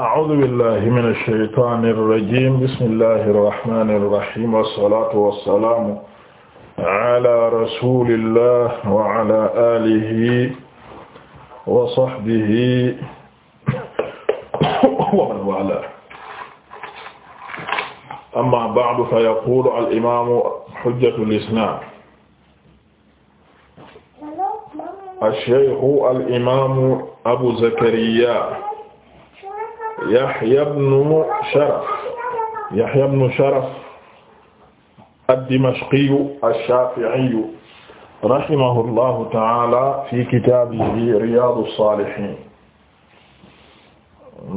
a'uuzu billahi mina shaytaani rajiim bismillahi rahmaani rahiim wassalaatu wassalaamu ala rasuulillah wa ala aalihi wa sahbihi wa man waalaahu amma ba'du fa yaquulu al-imaamu hujjatul islaam ash-shaykhu al-imaamu abu zakariyaa Yahya ibn Sharaf Yahya ibn Sharaf ad-Dimashqiyu ash-Shafi'iyu rahimahullahu ta'ala fi kitaabihi Riyaadu s-Saalihiin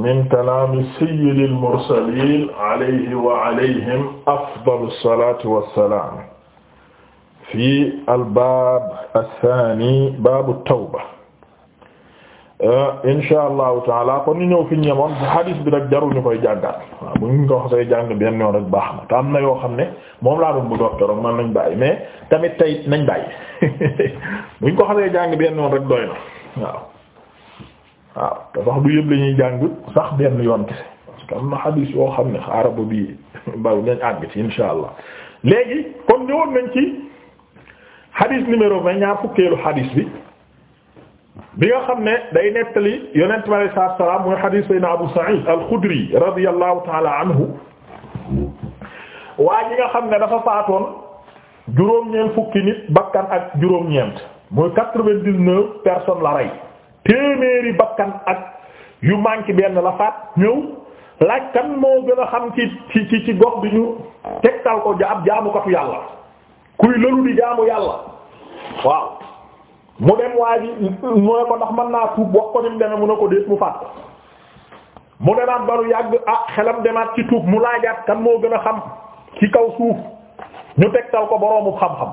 min kalaami sayyidil mursaliin alayhi wa alayhim afdalu s-salaati was-salaam fi al-baab ath-thaani baabu t-tawba Euh, insha allahu taala kon ñu ñëw fi ñu ñemoon hadis bi nag jaru ñu koy jàngat waaw bu ñu ko wax say jàng benn yoon rek baax na te am na yoo xam ne moom laa doon bu docteur man nañ bàyyi mais tamit tey nañ bàyyi bu ñu ko xasee jàng benn yoon rek doy na waaw waaw te wax du yëpp la ñuy jàng sax benn yoon kese am na hadis yoo xam ne xaaraba bi baw nañ àgg ci insha allah léegi kon ñëwoon nañ ci hadis numéro vingt ñaar fukkeelu hadis bi bi nga xam ne day nettali yonent bi alayhi salaatu wa salaam mooy hadiis Seydina Abu Saïd al-Khudri radiyallahu ta'ala anhu waa ji nga xam ne dafa faatoon juróom-ñeent fukki nit bakkan ak juróom-ñeent mooy quatre-vingt-dix-neuf personnes la rey téeméeri bakkan ak yu manqué benn la faat ñëw laaj kan moo gën a xam ci ci ci gox bi ñu tegtal ko ja ab jaamukatu yàlla kuy lëlu di jaamu yàlla waaw. mu dem waa ji mu ko ndax man naa tuub wax ko ni mu demee mu ne ko déet mu faat ko mu demaat baru yàgg ah xelam demaat ci tuub mu laa laajaat kan moo gën a xam ci kaw suuf ñu tegtal ko boroomu xam-xam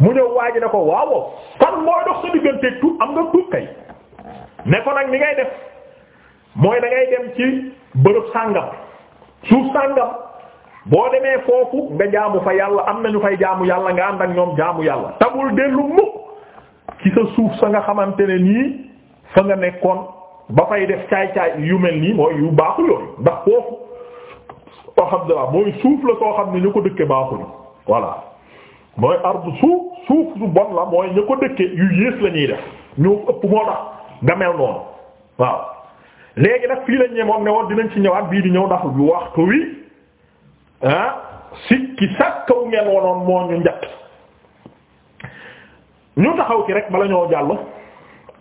mu ñëw waa ji ne ko waawoo kan mooy dox sa digganteeg tuub am nga tuub kay ne ko nag ni ngay def mooy da ngay dem ci bërëb sàngam suuf sàngam boo demee foofu nga jaamu fa yàlla am na ñu fay jaamu yàlla nga ànd ak ñoom jaamu yàlla tabul dellu mukk ci sa suuf sa nga xamante ne nii sa nga nekkoon ba fay def caay-caay yu mel nii mooy yu baaxul yooyu ndax foofu alhamdulilah mooy suuf la soo xam ne ñu ko dëkke baaxul voilà mooy ardu suuf suuf su bon la mooy ñu ko dëkke yu yées la ñuy def ñoo ëpp moo tax nga mel noonu waaw léegi nag fii lañ ñemoon ne woon dinañ ci ñëwaat bii di ñëw ndax yu waxtu wi ah sikki sàkkaw ngeen wonoon moo ñu njëkk ñu taxaw ci rek bala ñoo jàll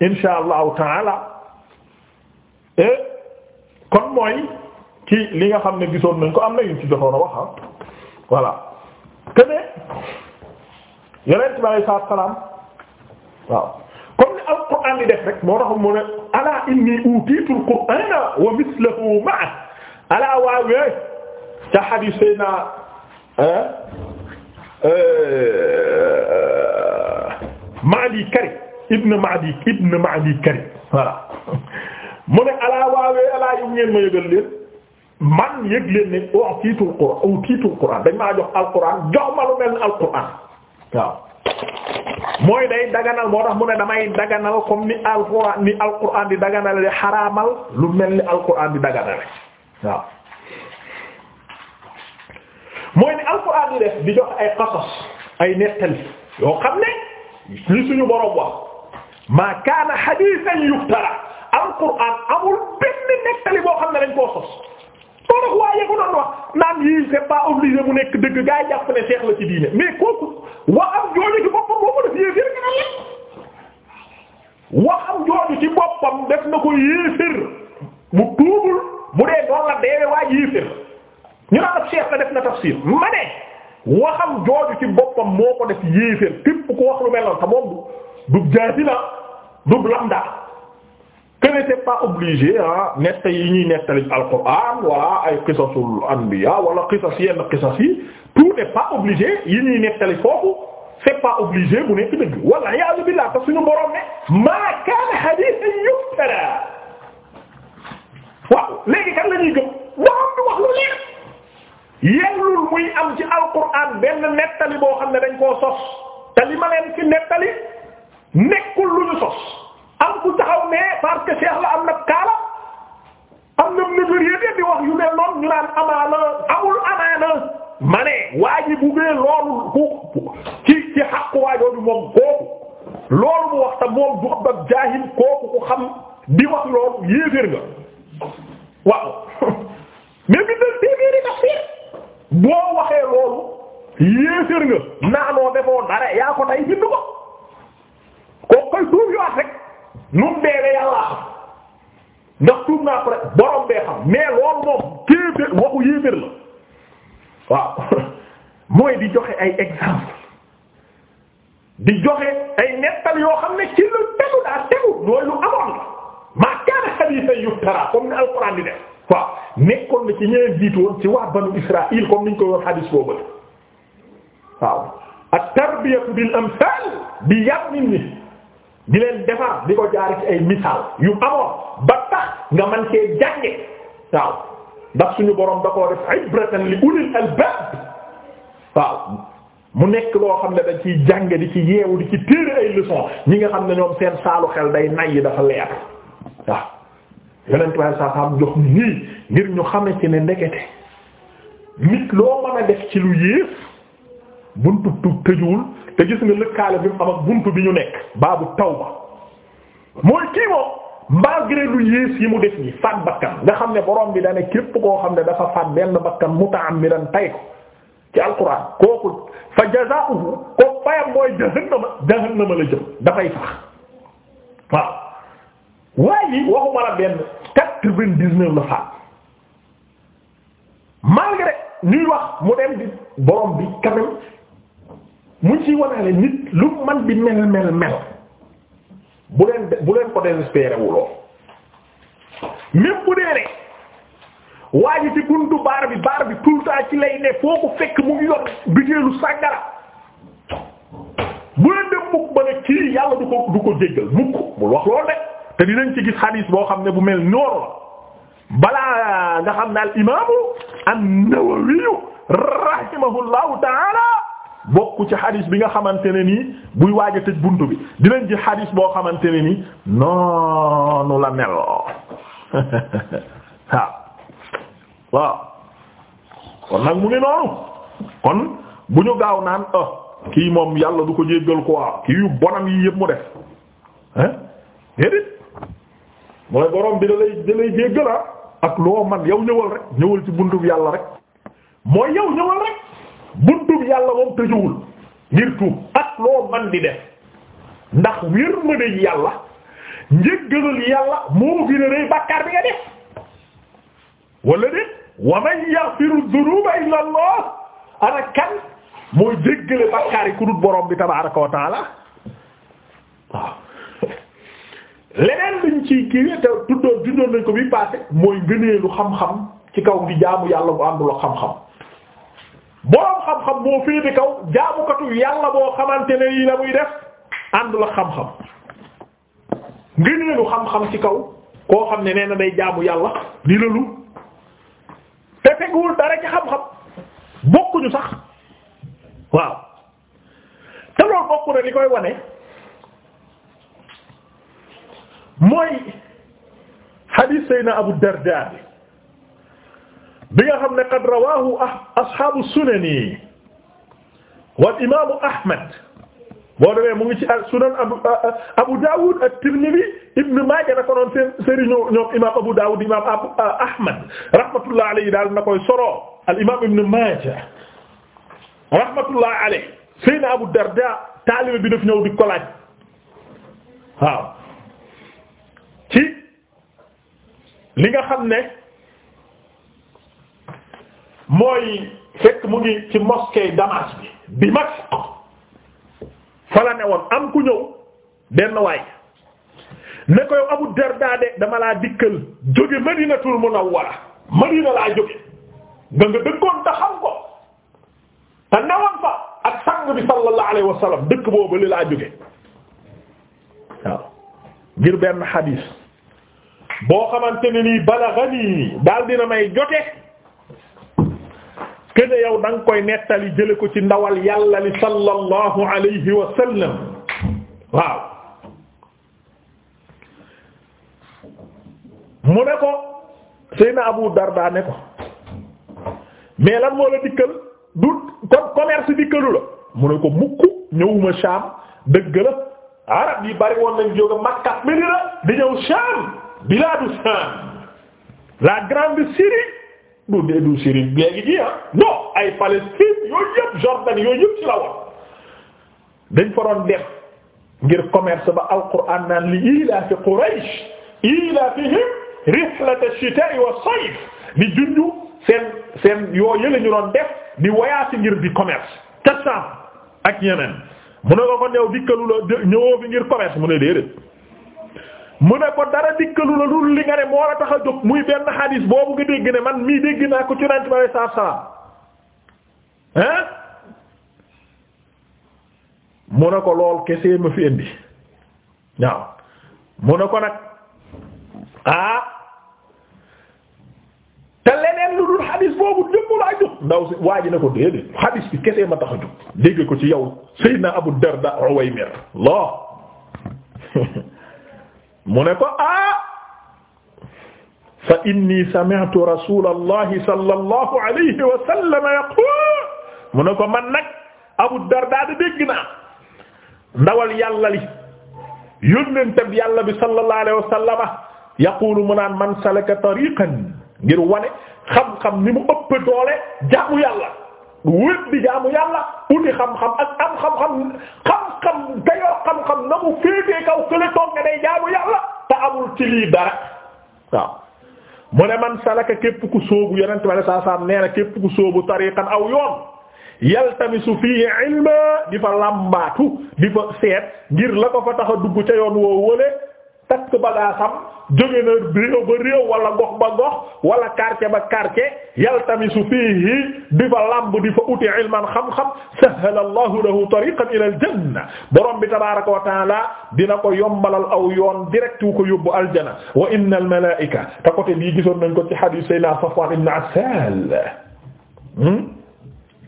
insha allahu taala eh, kon mooy ci li nga xam ne gisoon nañ ko am na yu ci joxoon a wax ah voilà que ne yonent bi alei salatua salaam waaw comme ni alquran di def rek moo tax mu ne ala inni utiitu ca hadith sayna eh, eh, Maadi Kari ibn Maadi ibn Maadi Kari voilà mu ne alaa waawee alaa yu ngeen ma yëgal leen man yëg leen ne oo oh, tiitul Qur'an oh, Qur'an dañ maa jox alquran jox ma lu mel ni alquran waaw mooy ni alquran ni di lu mel ni alquran di daganale def di jox ay qasas ay nettali yoo xam ne li suñu borom wax maa kaana hadiisan yuftara alquran amul benn nettali boo xam ne dañ koo sos too nag waaye ko doon wax naan yii c'est pas obligé mu nekk dëgg gaa jàpp ne seex la diine mais kooku waxam jooju ci boppam boo ko def yéeféer nga la mu tuubul mu dee doon la deewee waa yéeféer ñu naan ab seex la tafsiir ma ne waxam jooju ci boppam moo ko def yéeféer képp ku wax lu mel noonu te moom du jaasi la du lambda que n'est pas obligé ah nett yi ñuy nettali alquran wala ay qisasul anbiya wala qisas yenn qisas yi tout n'est pas obligé yi ñuy nettali foofu c'est pas obligé bu nekk dëgg wala ya'zu billah te suñu borom ne ma kaana hadithan yuftara waaw léegi kan la ñuy gëm borom bi wax lu leer yellul muy am ci alquran am benn nettali boo xam ne dañ koo sos te li ma leen ci nettali nekkul lu ñu sos am ku taxaw ne parce que la am na kaala am na négriété di wax yu mel noonu ñu amaana amul amaana ma ne waa loolu ci ci xàqu waajooju moom kooku loolu mu wax te moom du ab jaahil kooku ku xam di wax loolu yéeféer nga waaw mais bi dal téeméeri tafsir boo waxee loolu yéeféer nga naanoo defoo dara yaa ko tay bind ko koo koy tuub yowaat rek nu mu deewee yàlla ndax tuub naa ko rek borom bee xam mais loolu moom kéeféer waxu yéeféer la waaw mooy di joxe ay exemple di joxe ay nettal yoo xam ne ci lu tegu daa tegu mooy lu amoon la maa kaana hadiisan yuftara comme ni alquran di def waaw nekkoon na ci ñeneen jiitu woon ci waa banu Israël comme niñ ko woon hadis boobu waaw ak tarbiyatu bil amsal bi yar nit ñi di leen defar di ko jaar ci ay misaal yu amoon ba tax nga man cee jànge waaw ndax suñu boroom da koo def ibratan waaw mu nekk loo xam ne dañ ciy jànge di ci yeewu di ci téere ay leçon ñi nga xam ne ñoom seen saalu xel day nay dafa leer waaw yonentu saa saam jox ni ngir ñu xame ci ne ndekete nit loo mën a def ci lu yées buntu tub tëjuwul te gis nga bi mu am ak buntu bi ñu nekk baabu tawba mooy kii moom malgré lu yées yi mu def nii faat bakkan nga xam ne boroom bi dane képp koo xam ne dafa faat benn bakkan mutaammidan tay ko ci alquran kooku fa jazaa'uhu ko fayam mooy jahannama jahannama la jëm dafay sax waaw waaye yi waxuma la benn quatre vingt dix la faat malgré ñuy wax mu dem di borom bi quand mu ci wanaale nit lu man bi mel mel mel bu leen bu leen ko désespéré wuloo même bu dee rek waa ji ci buntu baar bi baar bi tout le temps ci lay ne foo ko fekk mu ngi yor bitéelu sàngara bu leen dem mukk ba ne kii yàlla du ko du ko jéggal mukk bul wax loolu de te dinañ ci gis xadiis boo xam ne bu mel noonu balaa nga xam ne al imaamu an-Nawawi rahimahullahu taala bokk ci xadis bi nga xamante ne nii buy waaj a tëj buntu bi dinañ ci xadis boo xamante ne nii noonu la mel waaw waaw kon nag mu ngi noonu kon bu ñu gaaw naan ah kii moom yàlla du ko jéggal quoi kii yu bonam yi yëpp mu def ah déedéet mooy boroom bi da lay da lay jéggal ah. ak loo man yow ñëwal rek ñëwal ci bunt bi yàlla rek mooy yow ñëwal rek. buntub yàlla moom tëjuwul ngir tuub ak loo man di def ndax yërmande yàlla njëggalul yàlla moo gën a rëy bàkkaar bi nga def wala déet wa man yaghfiru dhunuba illa allah ana mooy jéggale bàkkaar yi ku dul borom bi tabaaraka wa taala waaw leneen luñ ciy kii te tuddoon tuddoon nañ ko bi passé mooy gëneelu xam-xam ci kaw di jaamu yàlla mu àndul xam-xam boroom xam-xam boo féete kaw jaamukatu yàlla boo xamante ne yi la muy def àndul ak xam-xam ngëneelu xam-xam ci kaw koo xam ne nee na day jaamu yàlla di lalu te feguwul dara ci xam-xam bokkuñu sax waaw te loolu bokku na li koy wane mooy hadith Seydina Abu Darda bi nga xam ne qad rawaahu ah ashaabu sunani wal imaamu Ahmad boo demee mu ngi ci sunan abu abu Dawud at-Tirmidhi Ibn Maaja da ko doon seen sëriñ ñoom imaam Abu Dawud imaam abu Ahmad rahmatullah alayhi daal na koy solo al imaam Ibn Maaja rahmatullah alayhi Seydina Abu Darda taalibe bi daf ñëw di ko laaj waaw ci li nga xam ne. mooy fekk mu ngi ci mosquée Damas bi bi Dimashq fa la ne woon am ku ñëw benn waay ne ko yow Abu Darda de dama laa dikkal jóge Madinatul Munawwara Madina laa jóge da nga dëkkoon te xam ko te newoon fa ak sang bi sallallahu alayhi wa dëkk boobu li laa jóge waaw ngir benn xadiis boo xamante ne nii balaghani daal dina may jote kene yow da koy nettali jële ko ci ndawal yàlla li sallallahu alayhi wa waaw mu ne ko Seyna Abu Darda ne ko mais lan moo la dikkal du kon commerce dikkalu la mu ne ko mukk ñëwuma Sham dëgg la arab yi bari woon nañ jóge Makka Medina di ñëw Sham biladu Sham la grande Syrie du dee du Syrie léegi ji ah non ay Palestine yooyu yëpp Jordan yooyu yëpp ci la dañ fa doon def ngir commerce ba alquran naan li ilaafi Quraysh ilaafihim rihlata ash-shitaa'i was-sayf di junju seen seen yoo yële ñu doon def di voyage ngir di commerce Kassam ak yeneen mu ne ko kon yow dikkalu la ñëwoo fi ngir commerce mu ne déedéet. mu ne ko dara dikkalu la lu li nga ne moo la tax a jóg muy benn xadiis boobu nga dégg ne man mii dégg naa ko ci Yonent bi sallallahu alayhi wasallam hein mu ne ko lool kese ma fi indi waaw mu ne ko nag ah te leneen lu dul xadiis boobu jëmmu laa jóg ndaw si waa ji ne ko déedéet xadiis bi kese ma tax a jóg dégg ko ci yow Seydina Abu Darda Uwaymir loo mu ne ko ah fa inni sami'tu rasulallahi sallallahu alayhi wa sallam yaqul mu ne ko man nag Abu Darda da dégg naa ndawal yàlla li yónnent bi yàlla bi sallallahu alayhi wa sallam yaqulu mu naan man salaka tariqan ngir wane xam-xam ni mu ëpp doole jaamu yàlla wér di jaamu yàlla uti xam-xam ak am xam-xam xam-xam na mu féetee kaw kële toog nga day jaamu yàlla te ci lii dara waaw mu ne man salaka képp ku sóobu yonent bi saa saa képp ku sóobu tariqan aw yoon yaltamisu fihi ilma di làmbaatu di fa seet ngir la ko fa tax dugg ca yoon woo wële takk bagaasam jóge na réew ba réew wala gox ba gox wala quartier ba quartier yaltamisu fiihi di fa lamb di fa uti ilman xam-xam sahala allahu lahu tariqan ila al janna borom bi tabaraka wa taala dina ko yombalal aw yoon direct wu ko yóbbu aljana wa inna al malaika te côté bii gisoon nañ ko ci hadith sayna Safwan ibn Assal hmm?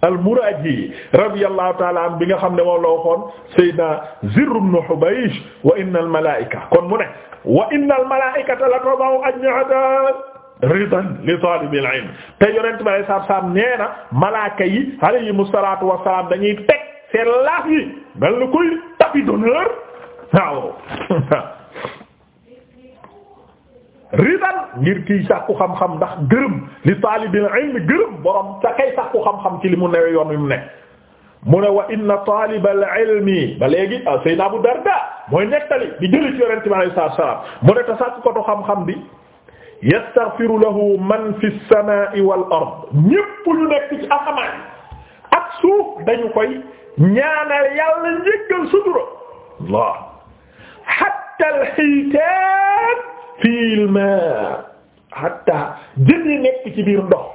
al-Muraji radiyallahu ta'ala an bi nga xam ne moom la waxoon Seydina Zirr ibn Hubaysh wa inna al-malaa'ika kon mu ne wa inna al-malaa'ikata la tada'u ajnihata ridan li talibil ilm te yonent bi alei satu salaam nee na malaaka yi alayhim asalatu wasalaam dañuy teg seen laaf yi mel ni kuy tapis d'honneur waaw ridan ngir kii sàkku xam-xam ndax gërëm li taalibil ilmi gërëm borom sa kay sàkku xam-xam ci li mu newe yoon wi mu ne mu ne wa inna taalibal ilmi ba léegi ah, Seydina Abu Darda mooy nettali di jëli ci yonente bi alayhi salaatu wa salaam mu ne te sàkku ko xam-xam bi yastaghfiru lahu man fi samaa'i wal ard ñépp ñu nekk ci asamaan ak suuf dañu koy ñaanal yàlla njéggal sutura Allah hatta al-hiitaan fil ma hatta jën yi nekk ci biir ndox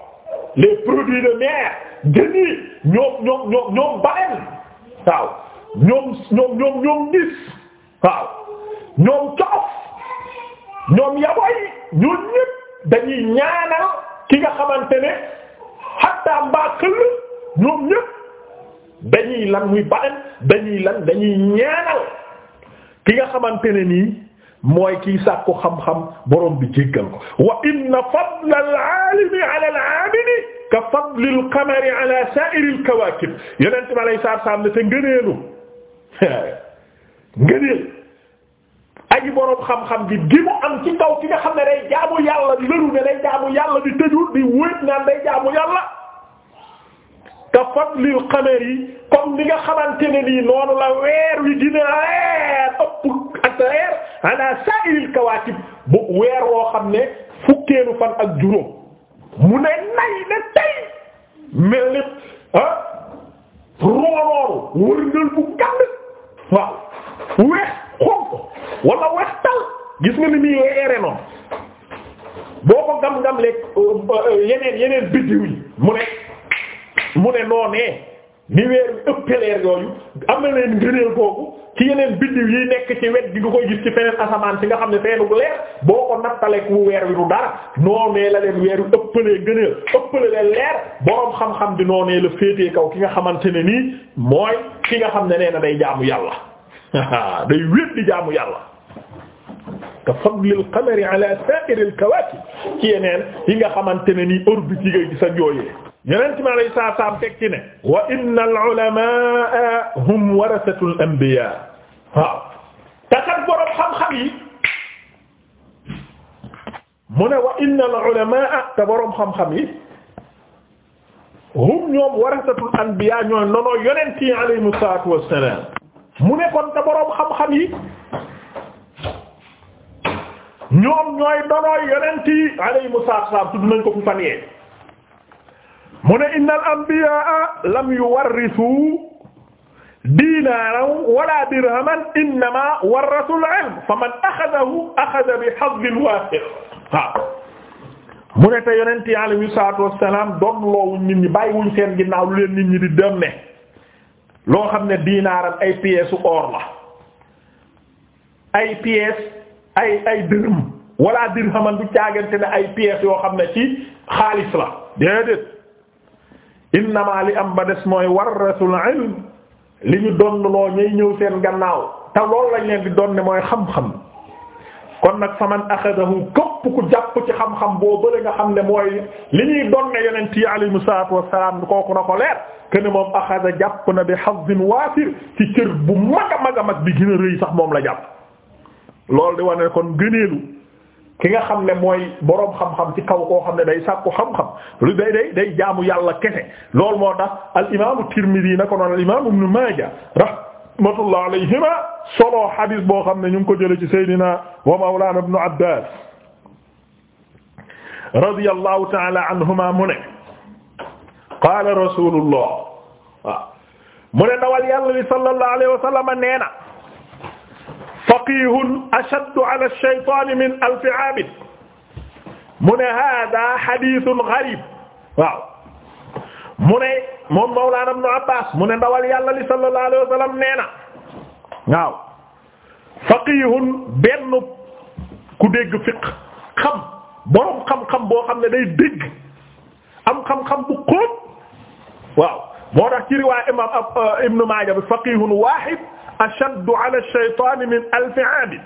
les produits de mer jën yi ñoom ñoom ñoom ñoom waaw ñoom ñoom ñoom gis waaw ñoom coof ñoom yaboy ñoom ñépp dañuy ñaanal ki nga xamante ne hatta mbaa këll ñoom ñépp dañuy lan muy baren dañuy lan dañuy ñaanal ki nga xamante ne nii mooy kii sàkku xam-xam borom bi jéggal ko wa inna fadla al-aalimi ala al-aabidi ka fadli al-qamari ala saa'iri al-kawaakib yonent bi alayhi salaatu salaam ne te borom xam-xam bi gi mu am ci kaw ki nga xam ne day jaamu yàlla di lëru ne day jaamu yàlla di tëju di wéet naan day jaamu yàlla ka fadli al-qamari comme ni nga xamante ne nii noonu la weer wi dina leer ëpp ak leer ala sa'iril kawaakib bu weer woo xam ne fukkeelu fan ak juróom mu ne nay ne tey mel ni ah roolooru bu gànd waaw weex xonq wala weex tal gis nga ni muy yeere noonu boo ko gam-gam leeg euh, yeneen yeneen biddiw yi mu ne mu ne noonee ni weer wi ëppeleer yooyu am na leen ngëneel kooku ci yeneen biddiw yi nekk ci wet gi du koy gis ci feneen asamaan si nga xam ne feenu leer boo ko nattaleek wu weer wi du dara noonee la leen weer wi ëppalee gëneel ëppale leen leer boroom xam-xam di noonee la féetee kaw ki nga xamante ne nii mooy ki nga xam ne nee na day jaamu yàlla day wét di jaamu yàlla ka fadlil qamari ala sa'iril kawaakib ci yeneen yi nga xamante ne nii orbite yi ngay gis ak yooyee yeneen ci ma lay saa saam teg ci ne wa innal ulamaa hum warasatul anbiya waaw te kat borom xam-xam yi mu ne wa innal ulamaa te borom xam-xam yi hum ñoom warasatul anbiya ñooy nono yonent yi alayhimu salaatu wassalaam mu ne kon te borom xam-xam yi ñoom ñooy nono yonent yi alayhimu salaatu wassalaam tudd nañ ko fu fan yee mu ne innal anbiyaa lam yuwarrisu diinaaran wala dirhaman innama warrasul ilm faman axadahu axada bi hazzin waafir waaw mu ne te yonent yi alayhi salaatu wassalaam doon loowuñ nit ñi bàyyiwuñ seen ginnaaw lu leen nit ñi di dem ne loo xam ne diinaaran ay pièces u or la ay pièces ay ay dërëm wala dirhaman du caagante ne ay pièces yoo xam ne ci xaalis la déedéet innamaa li am ba des mooy warasul ilm li ñu donnloo ñay ñëw seen gannaaw te loolu lañ leen di donne mooy xam-xam kon nag fa man axadahu képp ku jàpp ci xam-xam boo bële nga xam ne mooy li ñuy donne yonent yi alayhimu salaatu wassalaam kooku na ko leer que ne moom axada jàpp na bi hazzin waafir ci cër bu mag a mag a mag bi gën a rëy sax moom la jàpp loolu di wane kon gëneelu ki nga xam ne mooy boroom xam-xam ci kaw koo xam ne day sàkku xam-xam lu day day day jaamu yàlla kese loolu moo tax al imaamu Tirmidi na ko noon al imaamu Ibnu Maaja rahmatullah alayhima solo xadiis boo xam ne ñu ngi ko jële ci Seydina wa Mawlaana Ibnu Abbaas radiyallahu ta'ala anhuma mu ne qaala rasuulullah waaw mu ne dawal yàlla li sallallahu alayhi wa sallam na faqihun ashaddu ala ash-shaytaan min alfi aabid mu ne haadaa hadiisun gariib waaw mu ne moom Mawlaana Ibn Abbaas mu ne ndawal yàlla li sallallahu alayhi wa sallam nee na waaw faqihun benn ku dégg fiqh xam boroom xam-xam boo xam ne day dégg am xam-xam bu xóot waaw moo tax ci riwaaya imaam Ibn Maaja bi faqihun waahid ashaddu ala ash-shaytaan min alfi aabid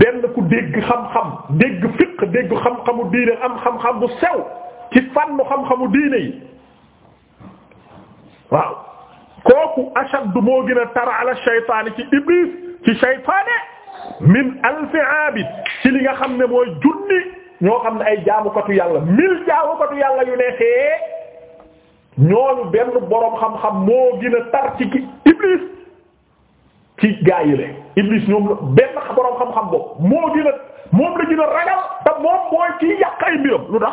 benn ku dégg xam-xam dégg fiq dégg xam-xamu diine am xam-xam bu sew ci fànnu xam-xamu diine yi waaw kooku ashaddu moo gën a tar ala ash-shaytaan ci iblis ci shaytaane min alfi aabid ci li nga xam ne mooy junni ñoo xam ne ay jaamukatu yàlla mil jaamukatu yàlla yu neexee ñooñu benn boroom xam-xam moo gën a tar ci iblis ci gaa yi le Iblis ñoom la benn borom xam-xam boobu moo gën a moom la gën ragal te moom mooy kii yàq ay mbiram lu tax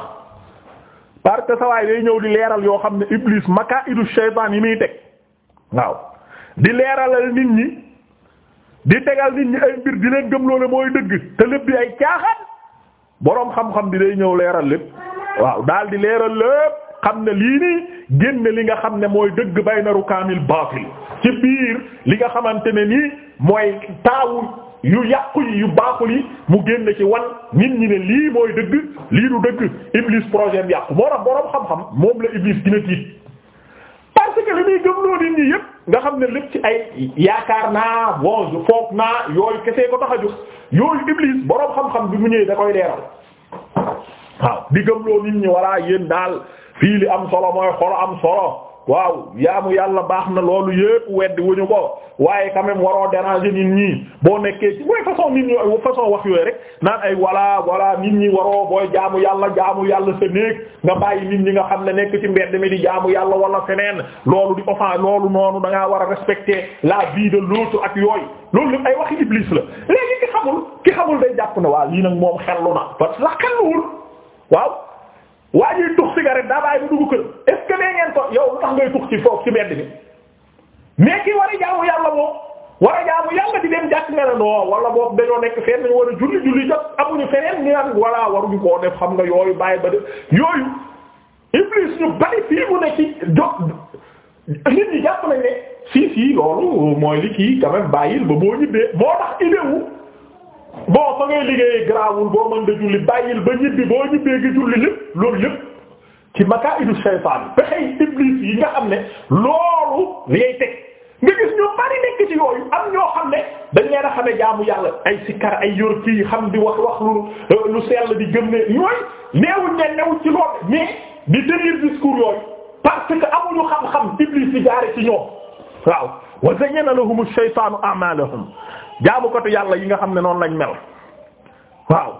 parce que sawaay day ñëw di leeral yoo xam ne Iblis makaidu shaytaan yi muy teg waaw di leeralal nit ñi di tegal nit ñi ay mbir di leen gëm loole mooy dëgg te lépp di ay caaxaan borom xam-xam bi day ñëw leeral lépp waaw daal di leeral lépp xam ne lii nii génn li nga xam ne mooy dëgg bay naru kaamil baatil ci biir li nga xamante ne nii mooy taawu yu yàqu yi yu baaxul yi mu génn ci wan nit ñi ne lii mooy dëgg lii du dëgg iblis projet bi yàqu moo tax boroom xam-xam moom la iblis dina tiit parce que li muy gëmloo nit ñi yépp nga xam ne lépp ci ay yaakaar naa bon foog naa yooyu kese ko tax a jóg yooyu iblis boroom xam-xam bi mu ñëwee da koy leeral waaw di gëmloo nit ñi walla yéen daal fii li am solo mooy xol am solo. waaw yaamu yàlla baax na loolu yépp weddi wuñu ko waaye quand même waroo déranger nit ñi boo nekkee ci mooy façon nit ñi façon wax yooyu rek naan ay voilà voilà nit ñi waroo booy jaamu yàlla jaamu yàlla sa néeg nga bàyyi nit ñi nga xam ne nekk ci mbedd mi di jaamu yàlla wala feneen loolu di offense loolu noonu da war a respecter la vie de l'autre ak yooyu loolu lépp ay waxi iblis la léegi ki xamul ki xamul day jàpp ne waa lii nag moom xellu na parce que la waa ñuy tux cigarette daa bàyyi dugg kër est ngeen ko yow lu tax ngay tux ci foofu ci mbedd mi mais ki war a jaamu yàlla moom war a jaamu yàlla di war julli julli jot amuñu feneen ñu naan voilà waruñu koo def xam nga yooyu bàyyi ba def yooyu iblis ñu bari fii mu ne ci nit ñi jàpp nañ ne si si loolu mooy li kii bàyyil ba boo ñibbee moo tax idée boo fa ngay liggéeyee garaawul boo mën nga julli bàyyil ba ñibbi boo ñibbee gi julli lépp loolu lépp ci makaa'idu shaytaan pexey iblis yi nga xam ne loolu li ngay teg nga gis ñu bari nekk ci yooyu am ñoo xam ne dañ leen a xamee jaamu yàlla ay sikkar ay yor kii xam di wax wax lu euh, lu sell di gëm ne ñooy neewuñ ne newuñ ci loolu mais di tenir discours yooyu parce que amuñu xam-xam iblis yi jaare ci ñoom waaw wa zayyana lahumu shaytaanu a'maalahum jaamukatu yàlla yi nga xam ne noonu lañ mel waaw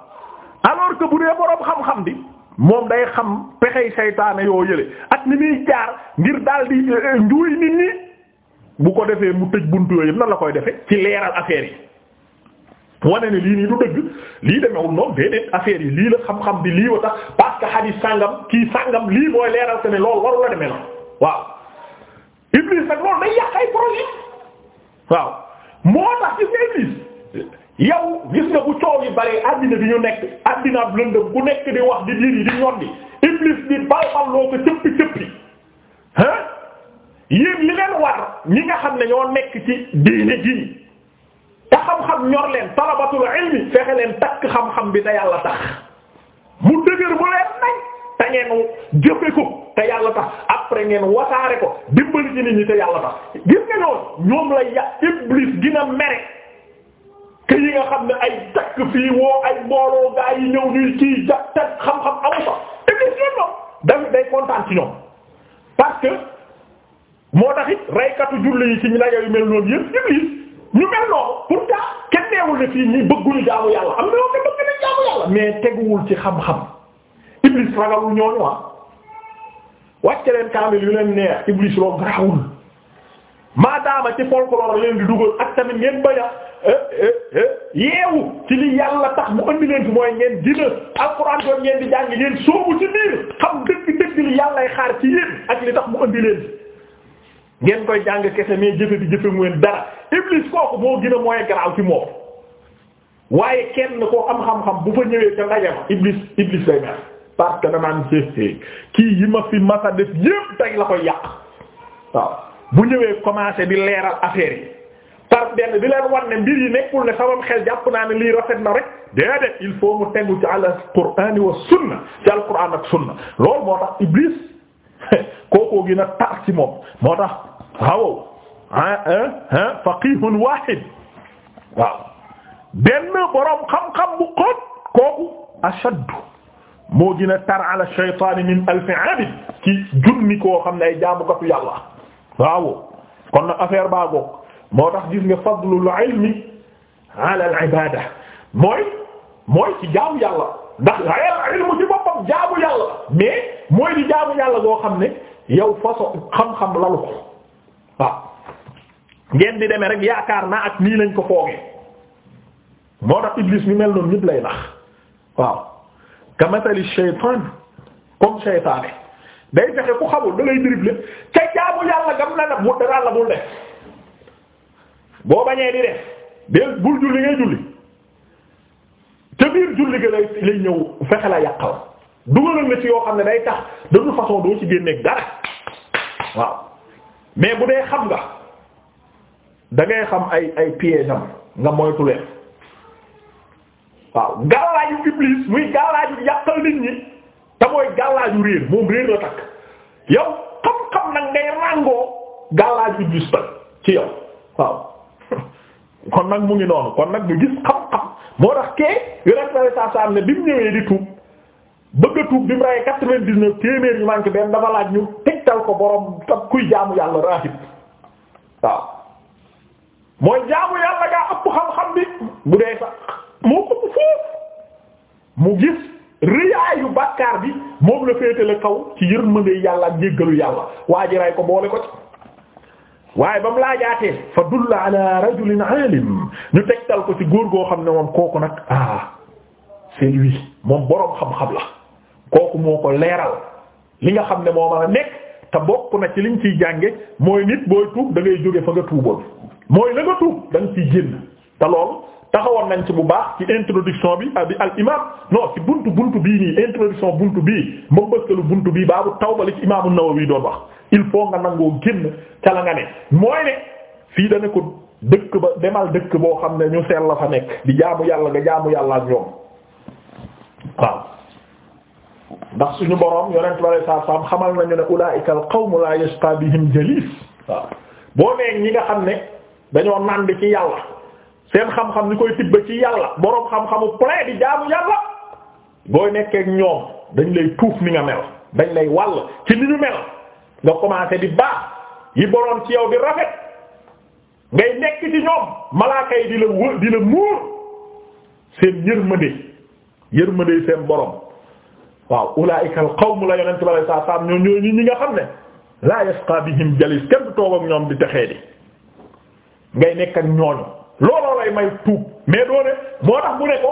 alors que bu dee boroom xam-xam bi moom day xam pexey seytaane yoo yële ak ni muy jaar ngir daal di euh, euh, njuuy nit ñi bu ko defee mu tëj buntu yooyu nan la koy defee ci leeral affaire yi. wane ne lii nii du dëgg lii demewul noonu déedéet affaire yi lii la xam-xam bi lii wa tax parce que xadis sàngam kii sàngam lii mooy leeral te ne loolu waru la waaw. Iblis nag loolu day yàq projet waaw. moo tax gis nga gis yow gis nga bu coow yi bare addina bi ñu nekk addina lëndëm ku nekk di wax di diir yi di ñondi iblis di balbal loo ko cëppi cëppi hein yéen li leen war ñi nga xam ne ñoo nekk ci diine ji te xam-xam ñor leen talabatul ilmi fexe leen takk xam-xam bi te yàlla tax mu dëgër mu leen nañ te ngeen jëfe ko te yàlla tax après ngeen wasaare ko dimbali ci nit ñi te yàlla tax gis nga ñoom ñoom la ya iblis dina mere ke yi nga xam ne ay takk fii woo ay mbooloo gaa yi ñëw ñuy kii ja takk xam-xam amu iblis ñoom ñoom dañu day kontaan ci ñoom parce que moo tax it raykatu julli yi ci ñu la yu mel noonu yëpp iblis ñu mel noonu pourtant kenn neewul ne fii ñi bëgguñu jaamu yàlla am na yow te bëgg jaamu yàlla mais teguwul ci xam-xam iblis ragalul ñooñu ah wàcce leen kaamil yu leen neex iblis loo garawul maadaama ci folklore leen di dugal ak tamit ngeen bañ a eh, eh, eh, yeewu ci li yàlla tax mu andi leen fi mooy ngeen dina alxuraan doon ngeen di jàng ngeen sóobu ci biir xam dëgg dëgg li yàllay xaar ci yéen ak li tax mu andi leen ngeen koy jàng kese mais jëfe di jëfe mu leen dara iblis kooku moo gën mooy garaaw ci moom waaye kenn koo am xam-xam bu fa ñëwee ca ndaje ma iblis iblis lay mel parce que danaan kii yi ma fi masa def yépp tey la koy yàq waaw bu ñëwee commencé di leeral affaire yi par benn di leen wan ne mbir yi nekkul ne sama xel jàpp naa ne lii rafet na rek déedéet il faut mu tegu ci al qur'aan wa sunna ci al qur'aan ak sunna loolu moo tax Iblis kookoo gën a tar ci moom moo tax waaw ah ah, ah faqihun waaw benn boroom xam-xam bu xóot kooku ashaddu moo gën a tar ala min alfi abid ci junni koo xam ne ay jaamukatu yàlla waaw kon nag affaire baa goog moo tax gis nga fadlul ilmi ala al ibada mooy mooy ci jaamu yàlla ndax al ilmu ci boppam jaamu yàlla mais mooy di jaamu yàlla goo xam ne yow façon xam-xam lalu ko waaw ngeen di demee rek yaakaar naa ak nii lañ ko foogee moo tax iblis mi mel noonu ñëpp lay nax waaw ka matali shaytaan comme shaytaane day fexe ku xamul da lay dribbler ca yàlla gam na nag mu danaa la bul def boo bañee di def del bul julli ngay julli ca biir julli ga lay lay ñëw fexe la yàqal dugalal na ci yoo xam ne day tax de toute façon doo ci génneeg dara waaw mais bu dee xam nga dangay xam ay ay pièges am nga moytu leen waaw gàllaaju iblis muy gàllaaju yàqal nit ñi te mooy gàllaaju réer moom réer la takk yow xam-xam nag ngay ràngoo gàllaaju iblis takk ci yow waaw kon nag mu ngi noonu kon nag ñu gis xam-xam moo tax kee yonent sallallahu alayhi wasallam ne bi mu ñëwee di tuub bëgg a tuub bi mu rayee quatre-vingt-dix-neuf téeméer ñu manqué benn dafa laaj ñu tegtal ko borom tam kuy jaamu yàlla raahib waaw mooy jaamu yàlla gaa ëpp xam-xam bi bu dee sax moo ko foofu mu gis rëyaayu bàkkaar bi moom la féetale kaw ci yërmande yàlla ak jéggalu yàlla waa ko boole ko ci waaye ba mu laajaatee fa dulla ala rajulin alim ñu tegtal ko ci góor goo xam ne moom kooku nag ah c'est lui moom boroom xam-xam la kooku moo ko leeral li nga xam ne moo mën a nekk te bokk na ci liñ ciy jànge mooy nit booy tuub da ngay jóge fa nga tuuboon mooy la nga tuub da nga ciy te lool taxawoon nañ ci bu baax ci introduction bi abi ah, al imam non ci buntu buntu bii nii introduction buntu bii ma mbëkkalu buntu bii baabu tawba li ci imaamu Nawawi doon wax il faut nga nangoo génn ca la nga ne mooy ne fii dana ko dëkk ba demal dëkk boo xam ne ñu seel la fa nekk di jaamu yàlla nga jaamu yàlla ak ñoom waaw ndax suñu boroom yonent bi sallallahu alayhi wasallam xamal nañu ne ulaa'ika al qawmu la yashqa bihim jalis waaw boo nee ñi nga xam ne dañoo nànd ci seen xam-xam ni koy tibba ci yàlla boroom xam-xamu plein di jaamu yàlla boo nekkee ñoom dañ lay tuuf ni nga mel dañ lay wàll ci ni ñu mel nga commencé di baax yi boroom ci yow di rafet ngay nekk ci ñoom malaaka yi di la wë di la muur seen yërmande yërmande seen boroom waaw ulaa'ikal qawmu la yonent bi saa saam ñoo ñoo ñi nga xam ne laa yasqa bihim jalis kenn du ñoom di texee di ngay nekk ak ñooñu looloo lay may tuub mais doo ne moo tax mu ne ko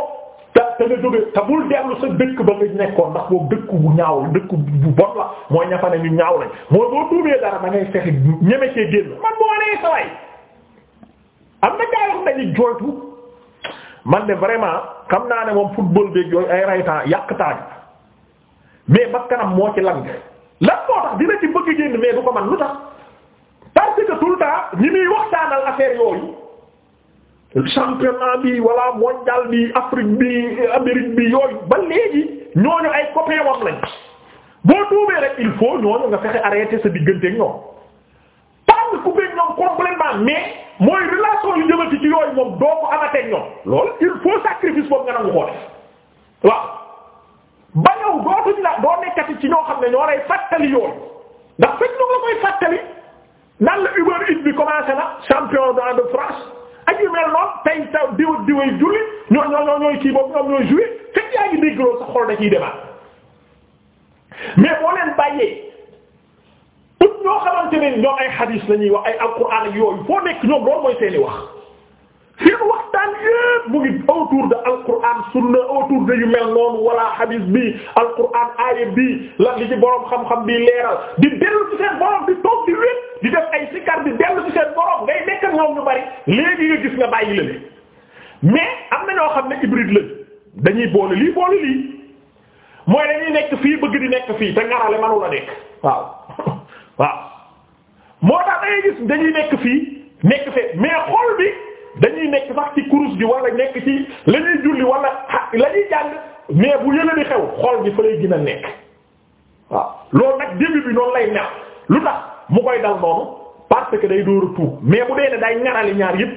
te te nga jóge te bul dellu sa dëkk ba nga nekkoon ndax boobu dëkk bu ñaaw dëkk bu bon la mooy ña fa ne ñu ñaaw lañ mooy boo tuubee dara da ngay ñeme cee génn man boo nee saway am na gaa wax dañuy jooytu man de vraiment xam naa ne moom football beeg yooyu ay raytaan yàq taaj mais ba kanam moo ci lang lan moo tax dina ci bëgg génn mais du ko man lu tax parce que tout le ñi muy waxtaanal affaire yooyu. championnat bi wala mondial bi Afrique bi Amérique bi yooyu ba léegi ñooñu ay copains wam lañ boo tuubee rek il faut ñooñu nga fexe arrêter sa digganteeg ñoom pas nga couper ñoom complètement mais mooy relation yu jëmati ci yooyu moom doo ko amateeg ñoom loolu il faut sacrifice boobu nga nangu ko waaw ba yow dootuñ la doo nekkati ci ñoo xam ne ñoo lay fàttali yooyu ndax fekk ñu la koy fàttali nan la Uber Eats bi commencé na champion de France. ak yu mel noonu diw diw ay julli ñoo ñoo ñooy kii boobu ñoom ñooy joué fekk yaa ngi dégg loolu sa xol da ciy demaat mais boo leen bàyyee ut ñoo xamante ne ñoom ay hadith lañuy wax ay alquran ak yooyu foo nekk ñoom loolu mooy seeni wax. seen waxtaan yépp mu ngi autour de alquran sunna autour de yu mel noonu wala hadis bi alquran aaya bi la li ci borom xam-xam bi leeral di dellu ci seen borom di toog di wét di def ay sikar di dellu ci seen borom ngay nekk ak ñoom bari léegi nga gis nga bàyyi la ne mais am na ñoo xam ne hybride la dañuy boole lii boole lii mooy dañuy nekk fii bëgg di nekk fii te ngarale manu la nekk waaw waaw moo tax dangay gis dañuy nekk fii nekk fee bi. dañuy nekk sax ci kurus gi wala nekk ci la ñuy julli wala la ñuy jàng mais bu yële di xew xool gi fa lay gën a nekk waaw loolu nag début bi noonu lay ñaar lu tax mu koy dal noonu parce que day dóor mais bu dee ne day ñarali ñaar yëpp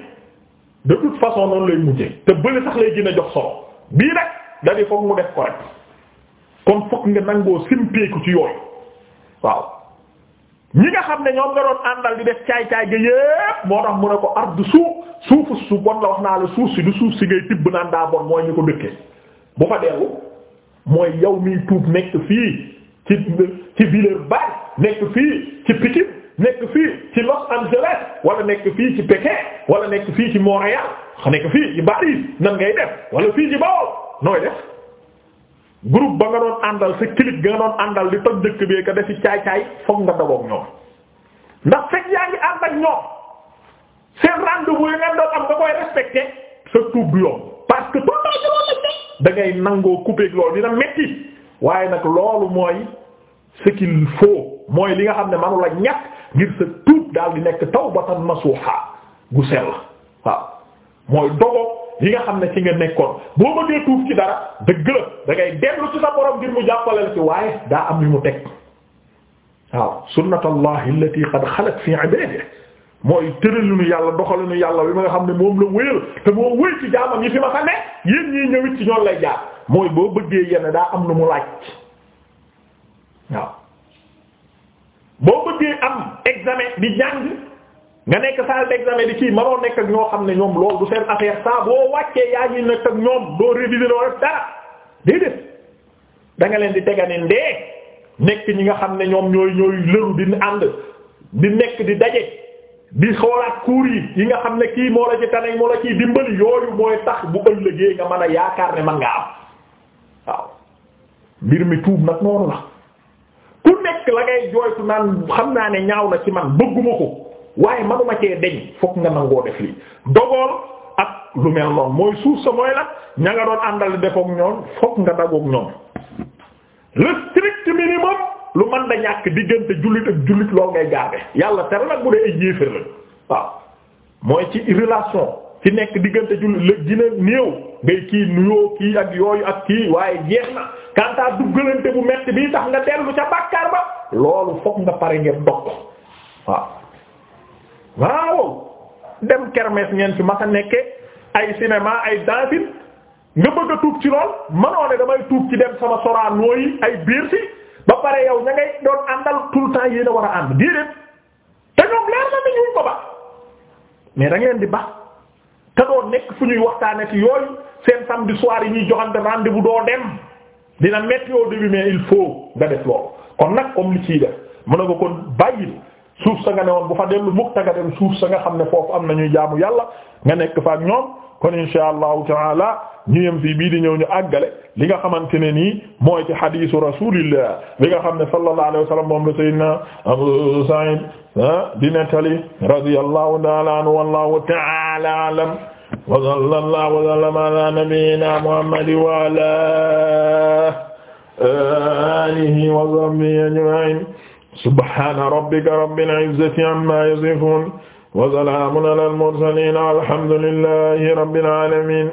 de toute façon noonu lay mujjee te bële sax lay gin a jox solo bii nag da di foog mu def ko rek kon foog nga nangoo simpeeku ci yooyu waaw ñi nga xam ne ñoom nga doon àndal di def caay-caay ga yépp moo tax mu ne ko suufu su bon la wax naa la suuf si du suuf si ngay tibb naan daa bon mooy ñu ko dëkkee bu fa dellu mooy yow miy tuub nekk fii ci ci Villeurbanne nekk fii ci Pikine nekk fii ci Los Angeles wala nekk fii ci Pékin wala nekk fii ci Montréal nekk fii ci Paris nan ngay def wala fii ci Bawol nooy def groupe ba nga doon àndal sa clip ga nga doon àndal di toj dëkk bee ka defi caay-caay foog nga daboog ñoom ndax fekk yaa ngi ànd ak ñoom. seen rendez-vous yi ngeen doon am nga koy respecté sa tuub du parce que tout à fait da ngay nangoo couper loolu dina metti waaye nag loolu mooy ce qu'il mooy li nga xam ne manula ñàkk ngir sa tuub daal di nekk tawbatan nasuha gu sell waaw mooy dogo yi nga xam ne ci nga nekkoon boo bëggee tuub ci dara dëgg la da dellu ci sa borom ngir mu jàppale la waaye daa am yu mu teg waaw sunnatullahi allati qad xalat fi ibadihi mooy tëralinu yàlla doxalinu yàlla bi ma nga xam ne moom la wéyal te moo wéy ci jaamam yi fi ma fa ne yéen ñii ñëwit ci ñoom lay jaar mooy boo bëggee yenn daa am lu mu laaj waaw boo bëggee am examen di jàng nga nekk salle d'examen di kii manoo nekk ak ñoo xam ne ñoom loolu du seen affaire saa boo wàccee yaa ngi nekk ñoom doo réviser doo def dara déedéet da nga leen di teganin ndee nekk ñi nga xam ne ñoom ñooy ñooy lëru di ànd di nekk di daje di xoolaat kuur yi yi nga xam ne kii moo la ci tane moo la ciy dimbali yooyu mooy tax bu ëllëgee nga mën a yaakaar ne man nga am waaw mbir mi tuub nag moom la ku nekk la ngay jooytu naan xam naa ne ñaaw na ci man bëgguma ko waaye manuma cee deñ fokk nga nangoo def lii dogool ak lu mel noonu mooy suuf sa mooy la ña nga doon àndal defook ñoom fokk nga dagook ñoom le minimum lu man da ñàkk diggante jullit ak jullit loo ngay garder yàlla tere nag bu dee ay yéefar la waaw mooy ci relation ci nekk diggante jullit la gën néew ngay kii nuyoo kii ak yooyu ak kii waaye jeex na kantaa duggalante bu metti bi tax nga dellu ca bàkkaar ba loolu fokk nga pare ngeen dog ko waaw waaw dem kermesse ngeen fi ma sa nekke ay cinéma ay dansin nga bëgg a tuub ci lool manoo ne damay tuub ci dem sama soraanoo ay biir si ba pare yow na ngay doon àndal tout le temps yéen a war a ànd déedéet te ñoom leer na ni ñuy ko ba mais da ngeen di ba te doo nekk fu ñuy waxtaanee ci yooyu seen samedi soir yi ñuy joxante rendez-vous doo dem dina métti au début mais il faut nga def loolu kon nag comme li ciy def mën na ko kon bàyyil suuf sa nga ne woon bu fa dellu mukk nga dem suuf sa nga xam ne foofu am na ñuy jaamu yàlla nga nekk fa ak ñoom. kon insha allahu taala ñu yem fii bii di ñëw ñu àggale li nga xamante ne nii mooy ci hadisu rasulillah li nga xam ne sallallahu alayhi wa sallam moom la sayyidina Abu Sa'id di nettali radiyallahu ta'ala anhu wallahu ta'ala a'lam wa sallallahu wa sallama ala nabiyyina muhammadin wa ala alihi wa sahbihi ajma'in subhana rabbika rabbil izzati amma yasifun wa salaamun alal mursaliin alhamdulillahi rabbil aalamiin